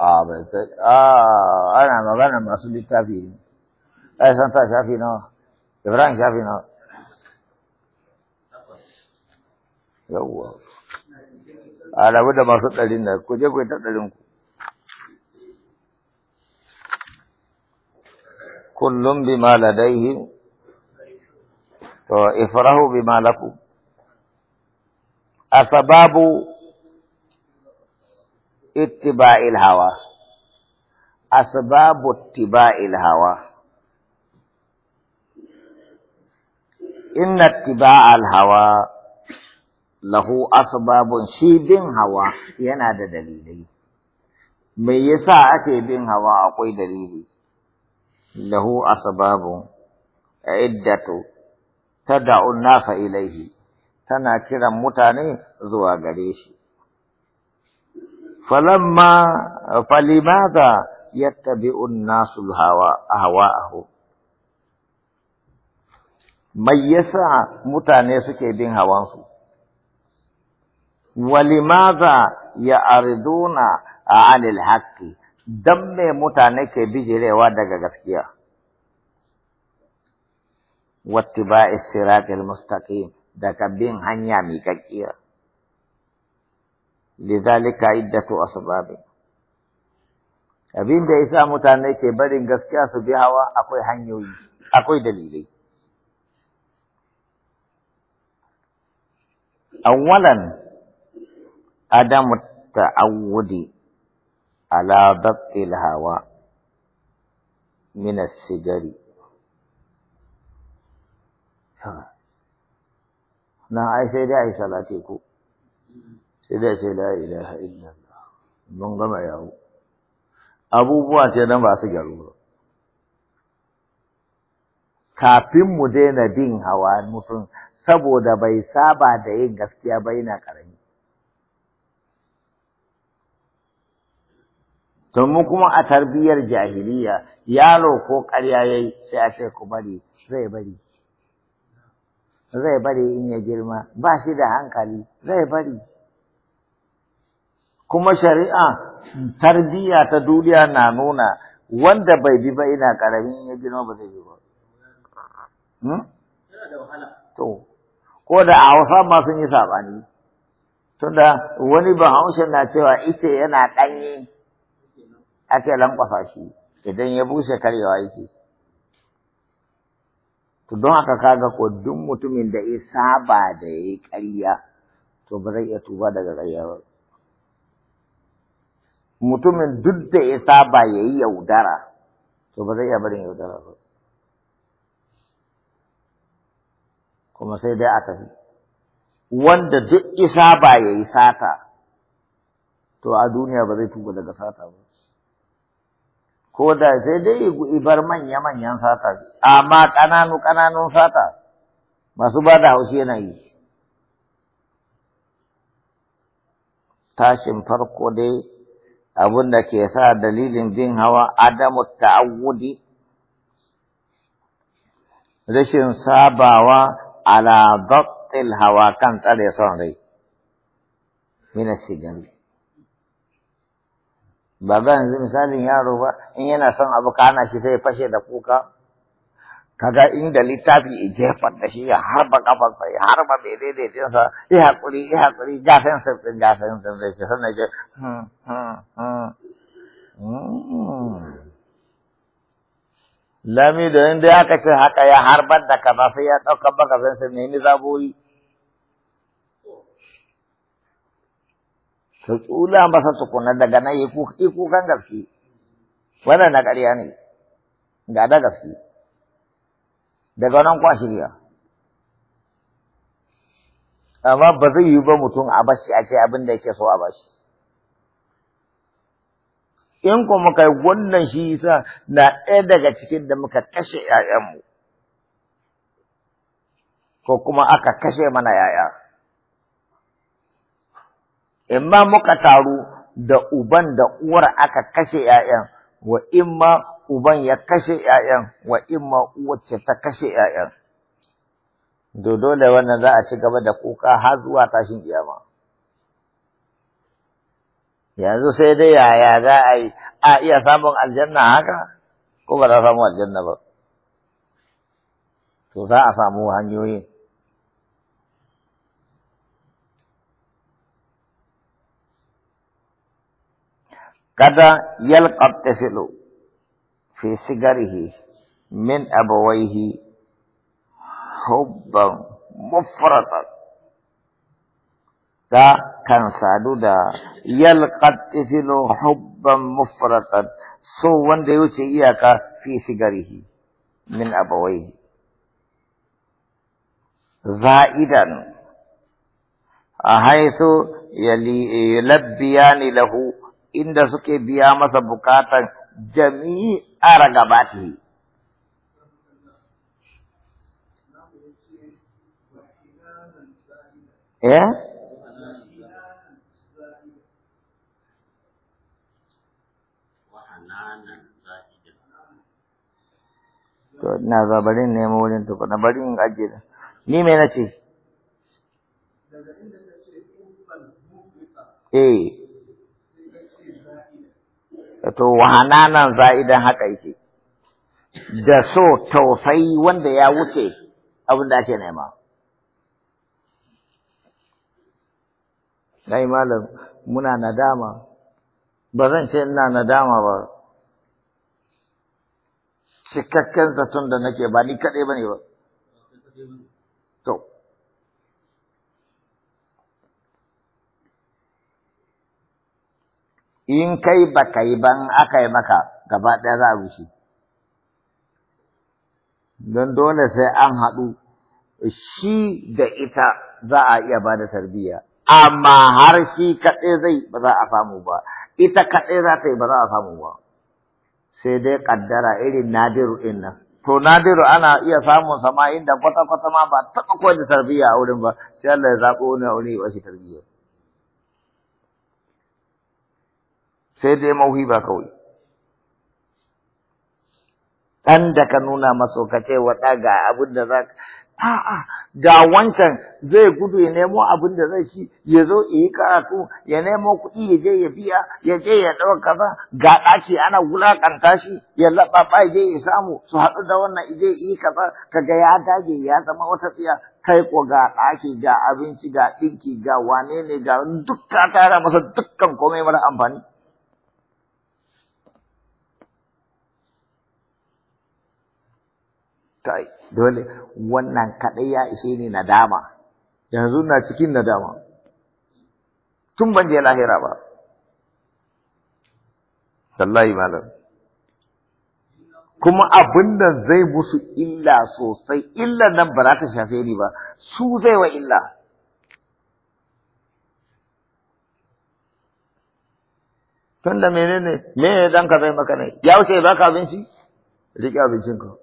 a bai kai a ana magana masu littafi ne ai san ta shafi nawa ibrahim shafi nawa yawwa a rabu da masu ɗarin da ku je ku ta ɗarin ku kullum bima ladaihim to ifrahu bima lakum asbabu ittiba'il hawa asbabu ittiba'il hawa inna ittiba'al hawa lahu asbabun shi bin hawa yana da dalilai me yasa ake bin hawa akwai dalili lahu asbabun iddatu tad'u an ilayhi tana kiran mutane zuwa gare shi فلما فلماذا يتبع الناس الهواء اهواءه من يسعى متانيس كيدين هوانس ولماذا يعرضون عن الحق دم متانيس كيدين هوانس واتباع الصراط المستقيم ده بين هنيا ميكاكيا lidhalika iddatu asbab abin da sa mutane ke barin gaskiya su bi hawa akwai hanyoyi akwai dalilai awalan adamu ta'awudi ala dabtil hawa min sigari na ai sai dai ai salati ku. sai ce la ilaha illallah mun gama yawo abubuwa ce nan ba su gyaru ba kafin mu daina bin hawa mutum saboda bai saba da yin gaskiya ba yana karami to mu kuma a tarbiyyar jahiliya yaro ko ƙarya yayi sai a ce ku bari zai bari zai bari in ya girma ba shi da hankali zai bari kuma shari'a tarbiyya ta duniya na nuna wanda bai bi ba ina karamin ya gina ba zai bi ba. Hmm? To, ko da a Hausa ma sun yi saɓani. Tunda wani ba haushe na cewa ita yana ɗanye ake lankwasa shi idan ya bushe karyawa yake. To don haka kaga ko duk mutumin da ya saba da ya yi ƙarya to ba zai iya tuba daga ƙarya mutumin duk da ya saba ya yi yaudara to ba zai iya barin yaudara ba kuma sai dai a tafi wanda duk isa ba ya yi sata to a duniya ba zai tuba daga sata ba ko da sai dai ibar manya-manyan sata amma ƙananu-ƙananun sata masu ba da haushi yana yi tashin farko dai abin da ke sa dalilin bin hawa adamu ta'awudi rashin sabawa ala dabtil hawa kan tsare son rai mina sigari ba zan yanzu misalin yaro ba in yana son abu kana shi sai fashe da kuka kaga inda littafi ya jefar da shi ya harba kafarsa ya harba ya haƙuri ya haƙuri ga sensor gasan ga sensor da shi sannan ya hmm, hmm, hmm. lami da inda aka ce haka ya harba da kaza sai ya dauka baka sensor ne ni zaboyi su tsula masa tukuna daga nan ya kukan gaske wannan na ƙarya ne ga da gaske daga nan kwa shirya amma ba zai yi ba mutum a bashi a ce abin da yake so a bashi in kuma kai wannan shi yasa na ɗaya daga cikin da muka kashe ‘ya'yanmu ko kuma aka kashe mana ‘ya'ya in ma muka taru da uban da uwar aka kashe ‘ya'yan wa in ma uban ya kashe ‘ya'yan wa imma uwace ta kashe ‘ya'yan. Dodo dole wannan za a ci gaba da kuka har zuwa tashin iyama. Yanzu sai dai yaya za a yi, a iya samun aljanna haka, ko ba za a samu aljanna ba. To za a samu hanyoyin. Kada yalƙar filo. fi sigarihi min abawaihi hubban mufratan ta kan sadu da yalqat tifilu hubban mufratan so wanda ya wuce iyaka fi sigarihi min abawaihi za'idan a haisu yalabbiya ne lahu inda suke biya masa bukatan jami'a ragabatihi ya eh? to ina za bari nemo wurin tukuna bari in ajiye da ni me na ce eh to wahananan za'idan haka yake da so tausayi wanda ya wuce abin da ake nema dai malam muna nadama ba zan ce ina nadama ba cikakken zaton da nake ba ni kaɗai ba ne ba in kai ba ka yi ban aka yi maka gaba ɗaya za a rushe don dole sai an haɗu shi da ita za a iya ba da tarbiyya amma har shi kaɗai zai ba za a samu ba ita kaɗai za ta yi ba za a samu ba sai dai ƙaddara irin nadiru ɗin nan to nadiru ana iya samun sama inda kwata-kwata ma ba taɓa koyar da tarbiyya a wurin ba sai Allah ya zaɓo wani a wani ya ɓashi tarbiyya. sai dai mauhiba kawai ɗan da ka nuna maso ka ce wa ga abin da za ka a'a da wancan zai gudu ya nemo abin da zai ci ya zo yi karatu ya nemo kuɗi ya je ya biya ya je ya ɗau kaza ga ɗaki ana wulaƙanta shi ya laɓaɓa ya je ya samu su haɗu da wannan ya je yi kaza kaga ya dage ya zama wata tsiya kai ko ga ɗaki ga abinci ga ɗinki ga wane ne ga duk ta tara masa dukkan komai mara amfani kai dole wannan kadai ya ishe ni nadama yanzu na cikin nadama tun ban je lahira ba sallahi malam kuma abin nan zai musu illa sosai illa nan ba za ta shafe ni ba su zai wa illa tun da menene me ne dan ka zai maka ne ya wuce ba ka abinci rike abincinka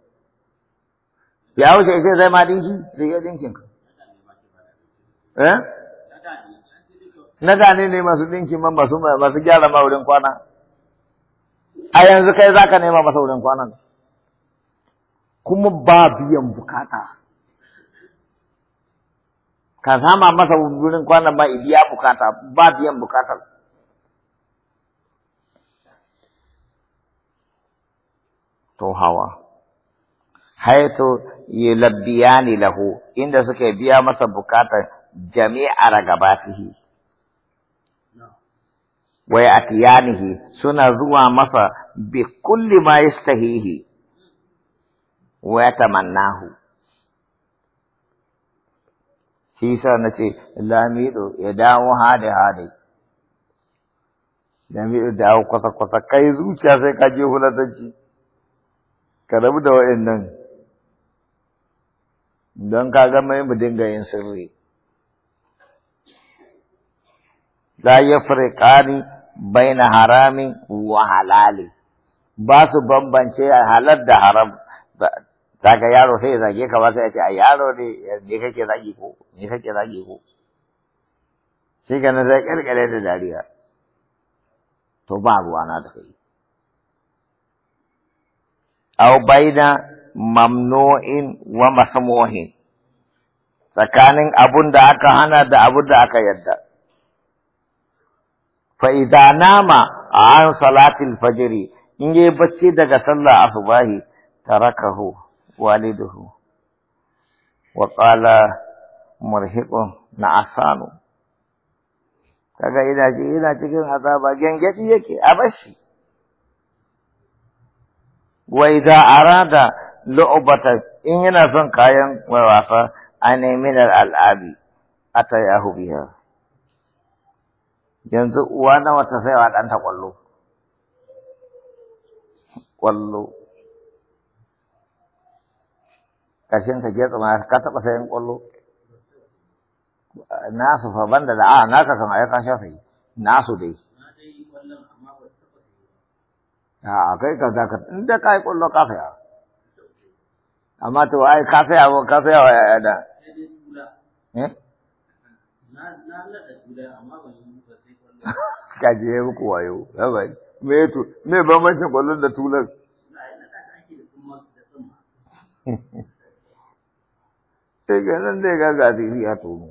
ya wuce ya ce zai ma dinki zai iya dinkin ka eh na da ne ne masu dinki man masu gyara ma wurin kwana a yanzu kai za ka nema masa wurin kwanan kuma ba biyan bukata ka sama masa wurin kwanan ba idiya bukata ba biyan bukata. to hawa haitu yulabbiyani lahu inda suke biya masa bukatar jami'a ragabatihi wa ya'tiyanihi suna zuwa masa bi kulli ma yastahihi wa yatamannahu shi sa na ce lamido ya dawo hade hade lamido dawo kwasa kwasa kai zuciya sai ka je hulatanci ka rabu da waɗannan. don ka ga mai mu dinga yin sirri la yafriqani baina harami wa halali ba su bambance halal da haram ga yaro sai ya zage ka ba sai ya ce a yaro ne ne kake zagi ko ne kake zagi ko shi kenan zai kirkire da dariya to ba ruwana da kai au baina mamnu'in wa masmuhin tsakanin abun da aka hana da abun da aka yadda Fa'ida idza nama an salatil fajiri, in yayi bacci daga sallah asubahi tarakahu waliduhu wa qala murhiqun na asanu kaga ina ji ina cikin azaba gengeti yake a bashi wa idza arada lu'ubatan in yana son kayan wasa a min al'abi a ta yahu biya yanzu uwa nawa ta saiwa ɗanta kwallo, kwallo. ƙarshen ka getsa ma ka taɓa sayan kwallo? nasu fa banda da a naka kan ayi ka shafe nasu dai a kai ka zaka inda kai kwallo ka saya أما تو أي كافية أو كافية أو هذا كاجي هو كوايو هاي مي تو مي بما شو كلون ده تولك تيجي عندنا ده كذا دي هاتو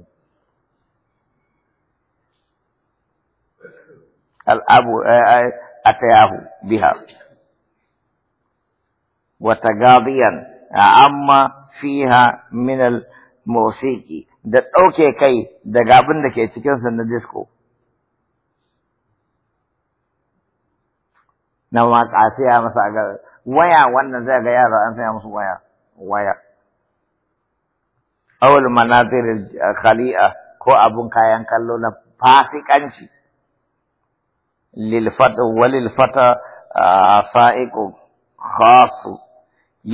الأبو أي أتياهو بها وتقاضيا amma fiha min musiki da ɗauke kai daga abin da ke cikinsu na disko. Na waka ya masa ga waya wannan zai ga yara an saya musu waya waya. Awul manatir khali'a ko abun kayan kallo na fasikanci. Lil fata walil fata sa'iqu khasu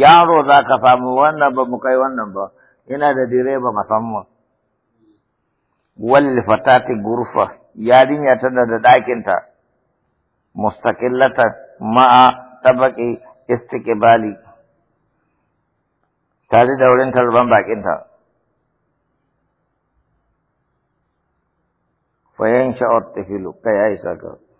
yaro za ka samu wannan ba mu kai wannan ba Ina da direba musamman wal fatati gurfa yarinya tana da ɗakinta mustaqillata ma'a tabaqi istiqbali tare da wurin tarban bakinta fayan sha'ar tafilu kai ya isa ka